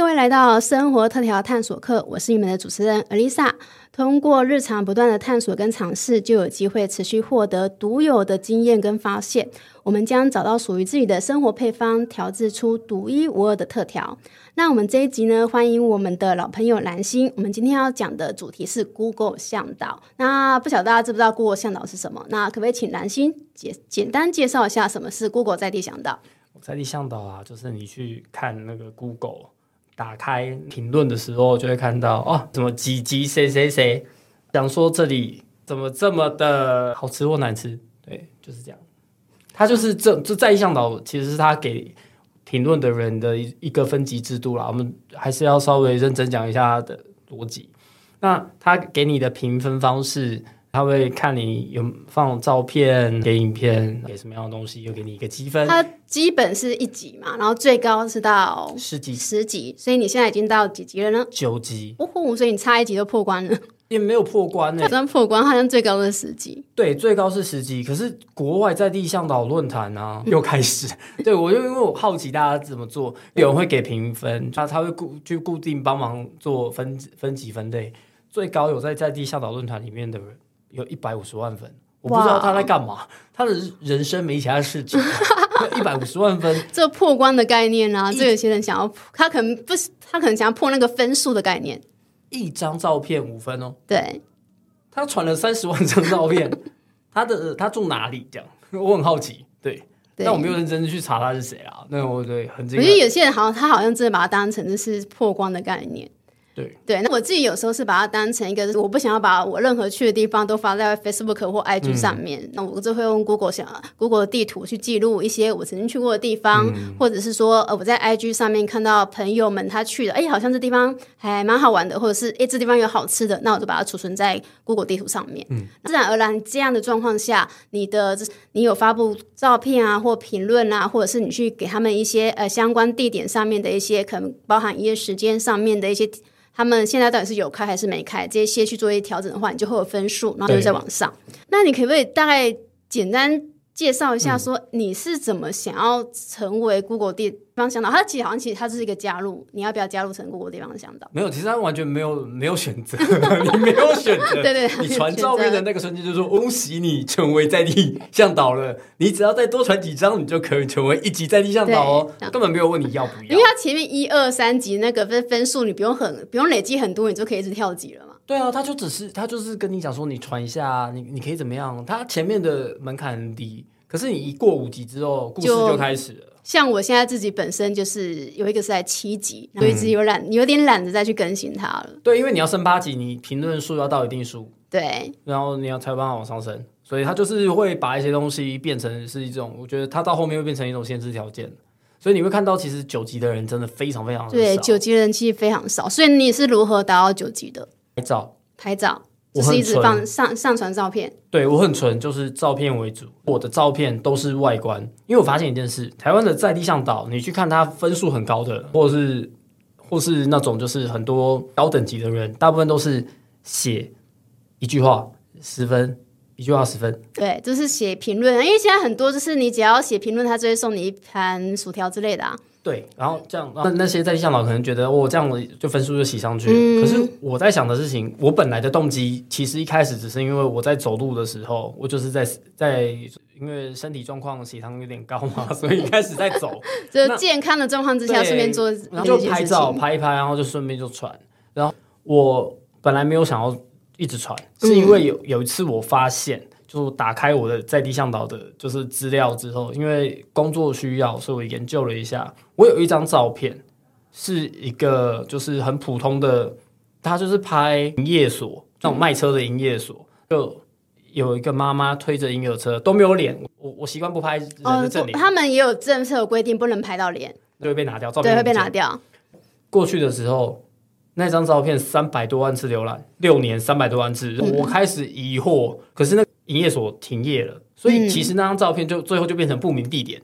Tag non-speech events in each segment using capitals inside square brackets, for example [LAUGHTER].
各位來到生活特調探索課，我是你們的主持人艾麗莎。通過日常不斷的探索跟嘗試，就有機會持續獲得獨有的經驗跟發現。我們將找到屬於自己的生活配方，調製出獨一無二的特調。那我們這一集呢，歡迎我們的老朋友藍鑫。我們今天要講的主題是 Google 嚮導。那不曉得大家知不知道 Google 嚮導是什麼？那可不可以請藍鑫簡簡單介紹一下什麼是 Google 在地嚮導？在地嚮導啊，就是你去看那個 Google。打開評論的時候，就會看到哦、啊，怎麼幾級誰誰誰，講說這裡怎麼這麼的好吃或難吃，對，就是這樣。他就是這就在地嚮導，其實是他給評論的人的一一個分級制度啦。我們還是要稍微認真講一下他的邏輯。那他給你的評分方式。他會看你有放照片、給影片、給什麼樣的東西，又給你一個積分。他基本是一級嘛，然後最高是到十級，十級。所以你現在已經到幾級了呢？九級。哦吼、哦！所以你差一級都破關了。 [LAUGHS] 也沒有破關誒、欸。他好像破關，他好像最高是十級。對，最高是十級。可是國外在地向導論壇呢、啊， [LAUGHS] 又開始。對，我就因為我好奇大家怎麼做，有人會給評分，他他會固就固定幫忙做分分級分類，最高有在在地向導論壇裡面的人。有一百五十萬分，我不知道他在幹嘛，他的人生沒其他事情。一百五十萬分，這破關的概念啊，這有些人想要，他可能不是，他可能想要破那個分數的概念。一張照片五分哦，對，他傳了三十萬張照片， [LAUGHS] 他的他住哪裡？這樣我很好奇對。對，但我沒有認真的去查他是誰啊。那我對很，我覺得有些人好像他好像真的把他當成是破關的概念。對，那我自己有時候是把它當成一個，我不想要把我任何去的地方都發在 Facebook 或 IG 上面，嗯、那我就會用 Google 想 Google 地圖去記錄一些我曾經去過的地方，嗯、或者是說，呃，我在 IG 上面看到朋友們他去的，哎，好像這地方還蠻好玩的，或者是哎，這地方有好吃的，那我就把它儲存在 Google 地圖上面。嗯，自然而然這樣的狀況下，你的你有發布照片啊，或評論啊，或者是你去給他們一些呃相關地點上面的一些，可能包含一些時間上面的一些。他們現在到底是有開還是沒開？這些先去做一些調整的話，你就會有分數，然後就再往上。那你可不可以大概簡單介紹一下，說你是怎麼想要成為 Google 地方向導？他、嗯、其實好像，其實他就是一個加入，你要不要加入成 Google 地方向導？沒有，其實他完全沒有沒有選擇， [LAUGHS] [LAUGHS] 你沒有選擇。對對，你傳照片的那個瞬間就是說恭喜你，成為在地向導了， [LAUGHS] 你只要再多傳幾張，你就可以成為一級在地向導哦。根本沒有問你要不要， [LAUGHS] 因為他前面一二三級那個分分數，你不用很不用累積很多，你就可以一直跳級了嘛。對啊，他就只是他就是跟你講說，你傳一下，你你可以怎麼樣？他前面的門檻很低。可是你一過五級之後，故事就開始了。像我現在自己本身就是有一個是在七級，我一直有懶、嗯，有點懶得再去更新它了。對，因為你要升八級，你評論數要到一定數，對，然後你要才辦法往上升。所以他就是會把一些東西變成是一種，我覺得他到後面會變成一種限制條件。所以你會看到，其實九級的人真的非常非常少。對，九級人氣非常少。所以你是如何達到九級的？拍照，拍照。我、就是一直放上上，上傳照片，對，我很純，就是照片為主。我的照片都是外觀，因為我發現一件事：台灣的在地向導，你去看他分數很高的，或是、或是那種就是很多高等級的人，大部分都是寫一句話十分，一句話十分，對，就是寫評論。因為現在很多就是你只要寫評論，他就會送你一盤薯條之類的啊。對，然後這樣，那那些在嚮導可能覺得我、哦、這樣子就分數就寫上去、嗯、可是我在想的事情，我本來的動機其實一開始只是因為我在走路的時候，我就是在在因為身體狀況血糖有點高嘛，所以一開始在走， [LAUGHS] 就健康的狀況之下順便做，然後就拍照拍一拍，然後就順便就傳。然後我本來沒有想要一直傳，是因為有有一次我發現。嗯就打開我的在地嚮導的，就是資料之後，因為工作需要，所以我研究了一下。我有一張照片，是一個就是很普通的，他就是拍營業所那種賣車的營業所，嗯、就有一個媽媽推着嬰兒車都沒有臉。我我習慣不拍人的正臉。哦，他們也有政策規定不能拍到臉，就會被拿掉照片。對，會被拿掉。過去的時候，那張照片三百多萬次瀏覽，六年三百多萬次，我開始疑惑。嗯、可是那個。營業所停業了，所以其實那張照片就最後就變成不明地點，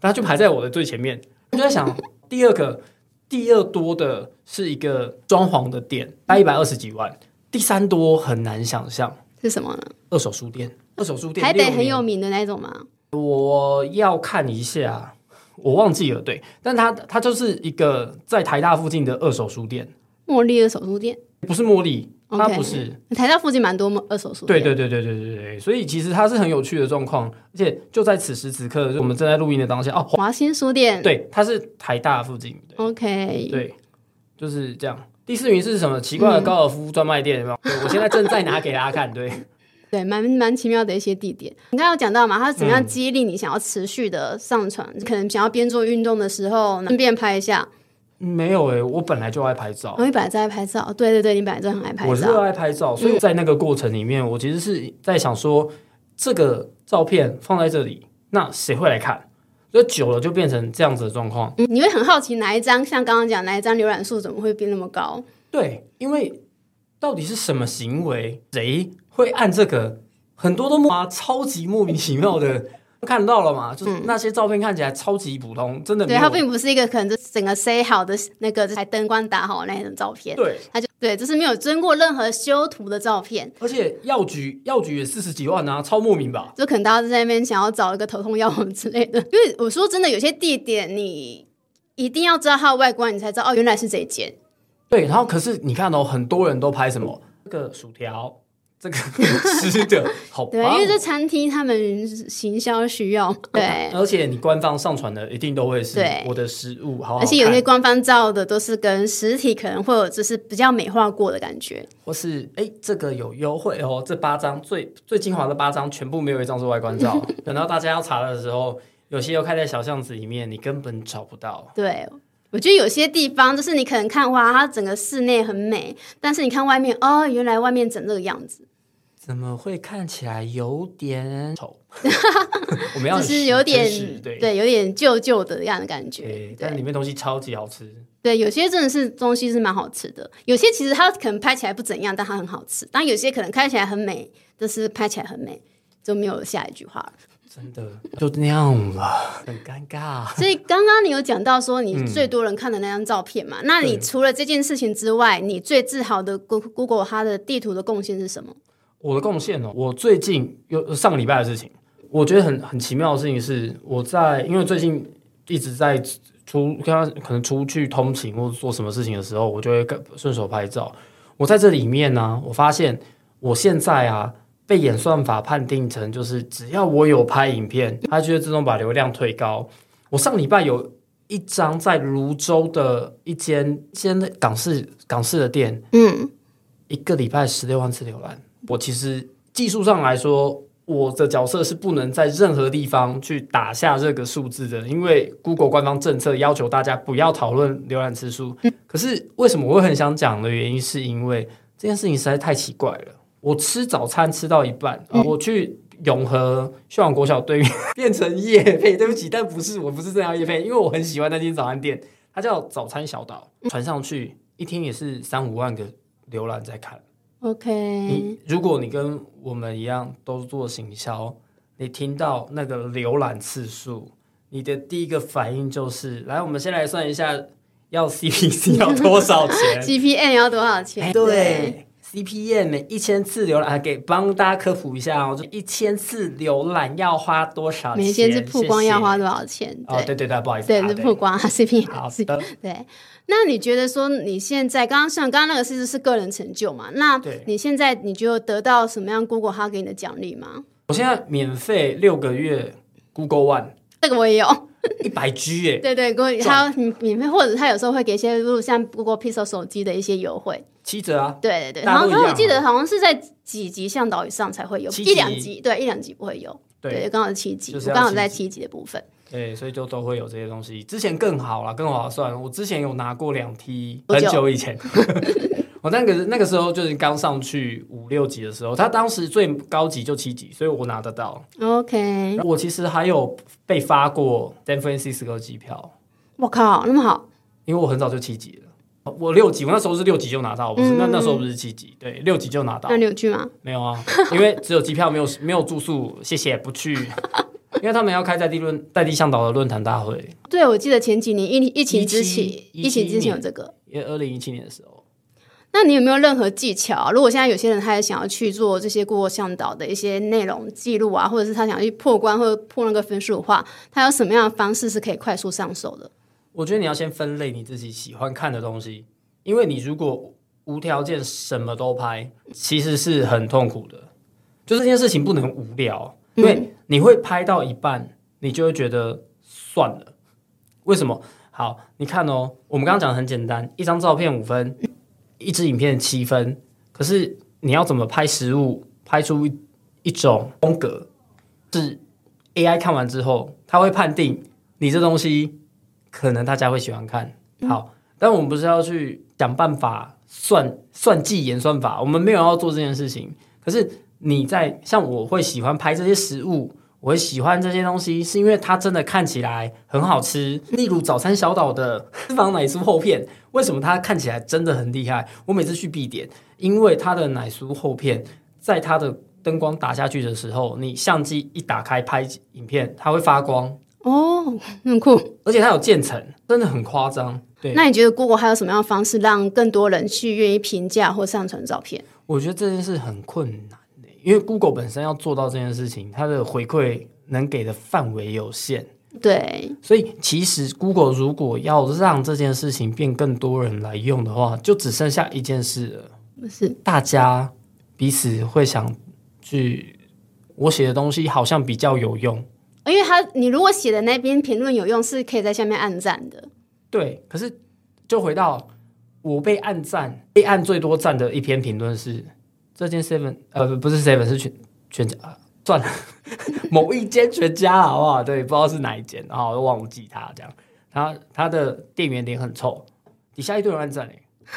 它、嗯、就排在我的最前面。我就在想，第二個第二多的是一個裝潢的店，賣一百二十幾萬。第三多很難想象是什麼呢？二手書店，二手書店，台北很有名的那種嗎？我要看一下，我忘記了。對，但它，它就是一個在台大附近的二手書店，茉莉二手書店不是茉莉。那、okay, 不是、嗯、台大附近蠻多二手書店，對對對對對對對，所以其實它是很有趣的狀況，而且就在此時此刻，我們正在錄音的當下，哦，華新書店，對，它是台大附近，對，OK，對，就是這樣。第四名是什麼？奇怪的高爾夫專賣店，嗯、有有對，我現在正在拿給大家看， [LAUGHS] 對， [LAUGHS] 對，蠻蠻奇妙的一些地點。你剛剛有講到嘛，它是怎麼樣激勵你想要持續的上傳？嗯、可能想要邊做運動的時候，順便拍一下。沒有誒、欸、我本來就愛拍照。我、哦、本來就愛拍照，對對對，你本來就很愛拍照。我是熱愛拍照，所以在那個過程裡面、嗯，我其實是在想說，這個照片放在這裡，那誰會來看？就久了就變成這樣子的狀況。嗯、你會很好奇哪一張，像剛剛講哪一張瀏覽數怎麼會變那麼高？對，因為到底是什麼行為，誰會按這個？很多都嘛，超級莫名其妙的。 [LAUGHS] 看到了嘛？就是那些照片看起來超級普通，嗯、真的沒有。對，它並不是一個可能就整個塞好的那個，還燈光打好那種照片。對，他就對，這、就是沒有經過任何修圖的照片。而且藥局，藥局也四十幾萬啊，超莫名吧？就可能大家在那邊想要找一個頭痛藥之類的。因為我說真的，有些地點你一定要知道它的外觀，你才知道哦，原來是這一間。對，然後可是你看哦，很多人都拍什麼這個薯條。這 [LAUGHS] 個吃的，好吧？對，因為這餐廳他們行銷需要，對。而且你官方上傳的一定都會是我的食物，好，好。而且有些官方照的都是跟實體可能會有，就是比較美化過的感覺。或是哎，這個有優惠哦，這八張最最精華的八張全部沒有一張是外觀照， [LAUGHS] 等到大家要查的時候，有些又開在小巷子裡面，你根本找不到。對。我覺得有些地方就是你可能看哇，它整個室內很美，但是你看外面哦，原來外面整這個樣子，怎麼會看起來有點醜？我要就是有點對，對，有點舊舊的樣的感覺。但裡面的東西超級好吃。對，有些真的是東西是蠻好吃的。嗯，有些其實它可能拍起來不怎樣，但它很好吃。但有些可能看起來很美，但是拍起來很美就沒有下一句話了。真的就那樣了，很尷尬。 [LAUGHS] 所以剛剛你有講到說你最多人看的那張照片嘛、嗯？那你除了這件事情之外，你最自豪的 Google Google 它的地圖的貢獻是什麼？我的貢獻哦，我最近有上個禮拜的事情，我覺得很很奇妙的事情是，我在因為最近一直在出剛剛可能出去通勤或者做什麼事情的時候，我就會順手拍照。我在這裡面呢、啊，我發現我現在啊。被演算法判定成就是只要我有拍影片，它就會自動把流量推高。我上禮拜有一張在蘆洲的一間現在港式港式的店，嗯，一個禮拜十六萬次瀏覽。我其實技術上來說，我的角色是不能在任何地方去打下這個數字的，因為 Google 官方政策要求大家不要討論瀏覽次數。可是為什麼我會很想講的原因，是因為這件事情實在太奇怪了。我吃早餐吃到一半，嗯啊、我去永和秀朗國小對面，變成業配。對不起，但不是，我不是這樣業配，因為我很喜歡那間早餐店，它叫早餐小島。傳、嗯、上去一天也是三五萬個瀏覽在看。OK，如果你跟我們一樣都做行銷，你聽到那個瀏覽次數，你的第一個反應就是，來，我們先來算一下要 CPC 要多少錢 GPM 要多少錢？欸、對。對 C P M 每一千次瀏覽、啊，給幫大家科普一下哦。就一千次瀏覽要花多少錢？每一千次曝光謝謝要花多少錢？哦，對，對對對，不好意思、啊，一千曝光 C P 好，M。對，那你覺得說你現在剛剛算剛剛那個事實是個人成就嘛？那你現在你就得到什麼樣 Google 它給你的獎勵嗎？我現在免費六個月 Google One、嗯、這個我也有。一百 G 哎， [LAUGHS] 對，對對，他免費或者他有時候會給一些，例如像 Google Pixel 手機的一些優惠，七折啊，對對對。然後我記得好像是在幾級嚮導以上才會有七一兩級，對一兩級不會有，對剛好七、就是七級，剛好在七級的部分，對，所以就都會有這些東西。之前更好了，更劃、啊、算。我之前有拿過兩 T，很久以前。 [LAUGHS] 我那個那個時候就是剛上去五六級的時候，他當時最高級就七級，所以我拿得到。OK，我其實還有被發過 San Francisco 機票。我靠，那麼好！因為我很早就七級了，我六級，我那時候是六級就拿到，不是那、嗯、那時候不是七級，對，六級就拿到、嗯。那你有去嗎？沒有啊，因為只有機票，沒有 [LAUGHS] 沒有住宿。謝謝，不去，因為他們要開在地論在地向導的論壇大會。對，我記得前幾年疫疫情之前，疫情之前 17, 有這個，因為二零一七年的時候。那你有沒有任何技巧啊？如果現在有些人他也想要去做這些過嚮導的一些內容記錄啊，或者是他想要去破關或者破那個分數的話，他有什麼樣的方式是可以快速上手的？我覺得你要先分類你自己喜歡看的東西，因為你如果無條件什麼都拍，其實是很痛苦的。就是這件事情不能無聊，因為你會拍到一半，你就會覺得算了。為什麼？好，你看哦，我們剛剛講的很簡單，一張照片五分。一支影片七分，可是你要怎麼拍食物，拍出一,一種風格，是 AI 看完之後，他會判定你這東西可能大家會喜歡看。好，但我們不是要去想辦法算算計演算法，我們沒有要做這件事情。可是你在像我會喜歡拍這些食物。我喜歡這些東西，是因為它真的看起來很好吃。例如早餐小島的私房奶酥厚片，為什麼它看起來真的很厲害？我每次去必點，因為它的奶酥厚片，在它的燈光打下去的時候，你相機一打開拍影片，它會發光哦，很酷。而且它有漸層，真的很誇張。對，那你覺得 Google 還有什麼樣的方式讓更多人去願意評價或上傳照片？我覺得這件事很困難。因為 Google 本身要做到這件事情，它的回饋能給的範圍有限，對，所以其實 Google 如果要讓這件事情變更多人來用的話，就只剩下一件事了，是大家彼此會想去，我寫的東西好像比較有用，而因為它你如果寫的那邊評論有用，是可以在下面按讚的，對，可是就回到我被按讚，被按最多讚的一篇評論是。這間 seven 呃，不不是 seven 是全全家賺、啊、某一間全家好不好？對，不知道是哪一間，然，啊、我都忘記他這樣，他他的店員臉很臭，底下一堆人站着，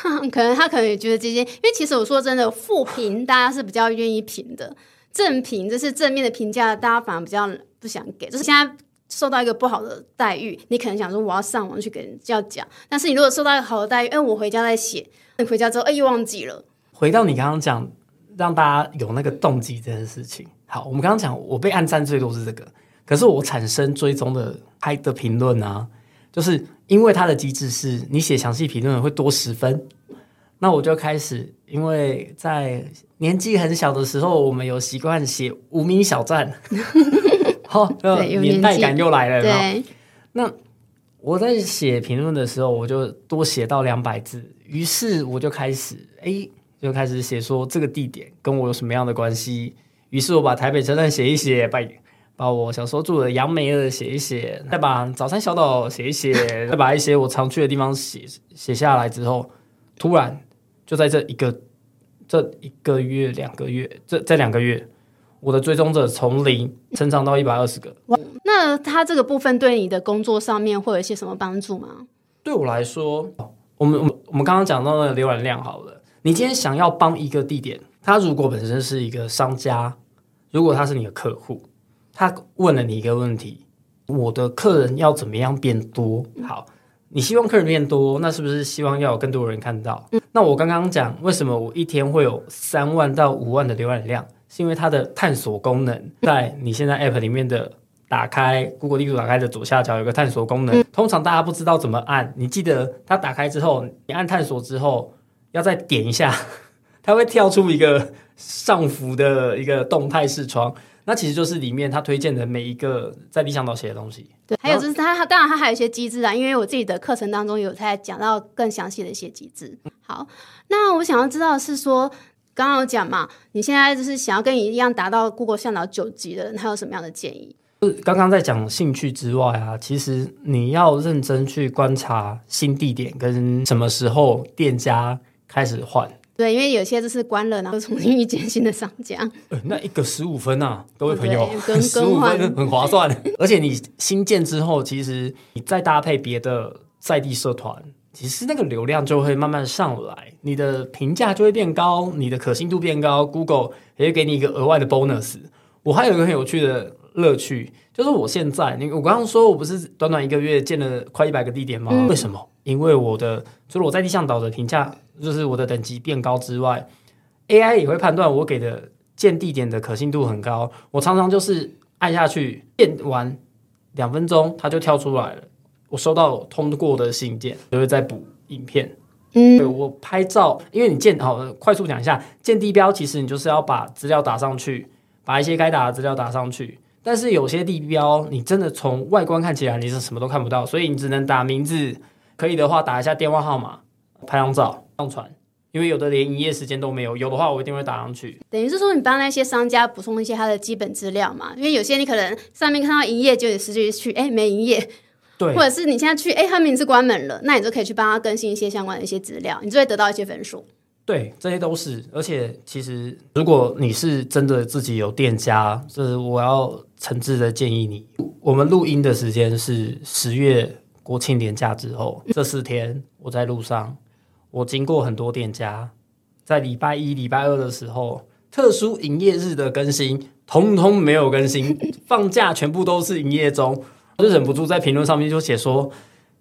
哎，可能他可能也覺得這間。因為其實我說真的，負評大家是比較願意評的， [LAUGHS] 正評就是正面的評價，大家反而比較不想給。就是現在受到一個不好的待遇，你可能想說我要上網去給人家講，但是你如果受到一個好的待遇，哎，我回家再寫，你回家之後哎、欸、又忘記了。嗯、回到你剛剛講。讓大家有那個動機，這件事情好。我們剛剛講，我被按讚最多是這個，可是我產生追蹤的、愛的評論啊，就是因為它的機制是，你寫詳細評論會多十分。那我就開始，因為在年紀很小的時候，我們有習慣寫無名小站， [LAUGHS] [LAUGHS] 好， [LAUGHS] 年代感又來了。對。然後，那我在寫評論的時候，我就多寫到兩百字，於是我就開始，哎。就開始寫說這個地點跟我有什麼樣的關係。於是我把台北車站寫一寫，把把我小時候住的楊梅的寫一寫，再把早餐小島寫一寫， [LAUGHS] 再把一些我常去的地方寫寫下來之後，突然就在這一個這一個月兩個月，這這兩個月，我的追蹤者從零成長到一百二十個。那他這個部分對你的工作上面會有一些什麼幫助嗎？對我來說，我們我們我們剛剛講到的瀏覽量好了。你今天想要幫一個地點，他如果本身是一個商家，如果他是你的客戶，他問了你一個問題：我的客人要怎麼樣變多？好，你希望客人變多，那是不是希望要有更多人看到？嗯。那我剛剛講，為什麼我一天會有三萬到五萬的瀏覽量，是因為它的探索功能在你現在 App 裡面的打開，Google 地圖打開的左下角有個探索功能，通常大家不知道怎麼按，你記得它打開之後，你按探索之後。要再點一下，它會跳出一個上浮的一個動態視窗，那其實就是裡面它推薦的每一個在地嚮導寫的東西。對，還有就是它當然它還有一些機制啊，因為我自己的課程當中有在講到更詳細的一些機制。好，那我想要知道是說剛剛有講嘛，你現在就是想要跟你一樣達到 Google 嚮導九級的人，他有什麼樣的建議？就是剛剛在講興趣之外啊，其實你要認真去觀察新地點跟什麼時候店家。開始換，對，因為有些就是關了，然後重新建新的商家。呃、欸，那一個十五分吶、啊，各位朋友，十五分很划算。 [LAUGHS] 而且你新建之後，其實你再搭配別的在地社團，其實那個流量就會慢慢上來，你的評價就會變高，你的可信度變高，Google 也會給你一個額外的 bonus。我還有一個很有趣的樂趣，就是我現在，你我剛剛說我不是短短一個月建了快一百個地點嗎、嗯？為什麼？因為我的就是我在地向導的評價。就是我的等級變高之外，AI 也會判斷我給的建地點的可信度很高。我常常就是按下去建完兩分鐘，它就跳出來了。我收到通過的信件，就會再補影片。嗯，對，我拍照，因為你建好，快速講一下建地標，其實你就是要把資料打上去，把一些該打的資料打上去。但是有些地標，你真的從外觀看起來你是什麼都看不到，所以你只能打名字，可以的話打一下電話號碼，拍張照。上傳，因為有的連營業時間都沒有，有的話我一定會打上去。等於是說，你幫那些商家補充一些他的基本資料嘛？因為有些你可能上面看到營業就也去，就實際去哎，沒營業，對，或者是你現在去哎、欸、他們是關門了，那你就可以去幫他更新一些相關的一些資料，你就會得到一些分數。對，這些都是。而且其實，如果你是真的自己有店家，就是我要誠摯的建議你，我們錄音的時間是十月國慶連假之後、嗯、這四天，我在路上。我經過很多店家，在禮拜一、禮拜二的時候，特殊營業日的更新，通通沒有更新。放假全部都是營業中，我就忍不住在評論上面就寫說：“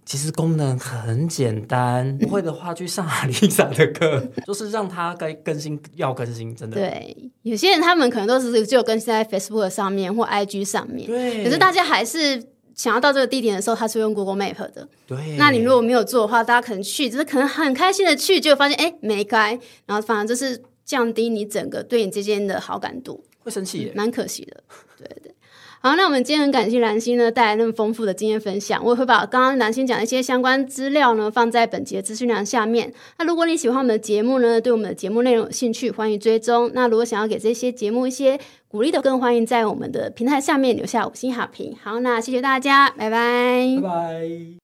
其實功能很簡單，不會的話去上 Lisa 的課，就是讓他該更新要更新。”真的，對有些人他們可能都是只有更新在 Facebook 上面或 IG 上面，對，可是大家還是。想要到這個地點的時候，他是用 Google Map 的。對，那你如果沒有做的話，大家可能去，只、就是可能很開心的去，就發現哎、欸、沒開，然後反而就是降低你整個對你之間的好感度，會生氣，蠻、嗯、可惜的。 [LAUGHS] 對對。好，那我們今天很感謝藍鑫呢帶來那麼豐富的經驗分享。我也會把剛剛藍鑫講的一些相關資料呢放在本集的資訊欄下面。那如果你喜歡我們的節目呢，對我們的節目內容有興趣，歡迎追蹤。那如果想要給這些節目一些鼓勵的，更歡迎在我們的平台下面留下五星好評。好，那謝謝大家，拜拜，拜拜。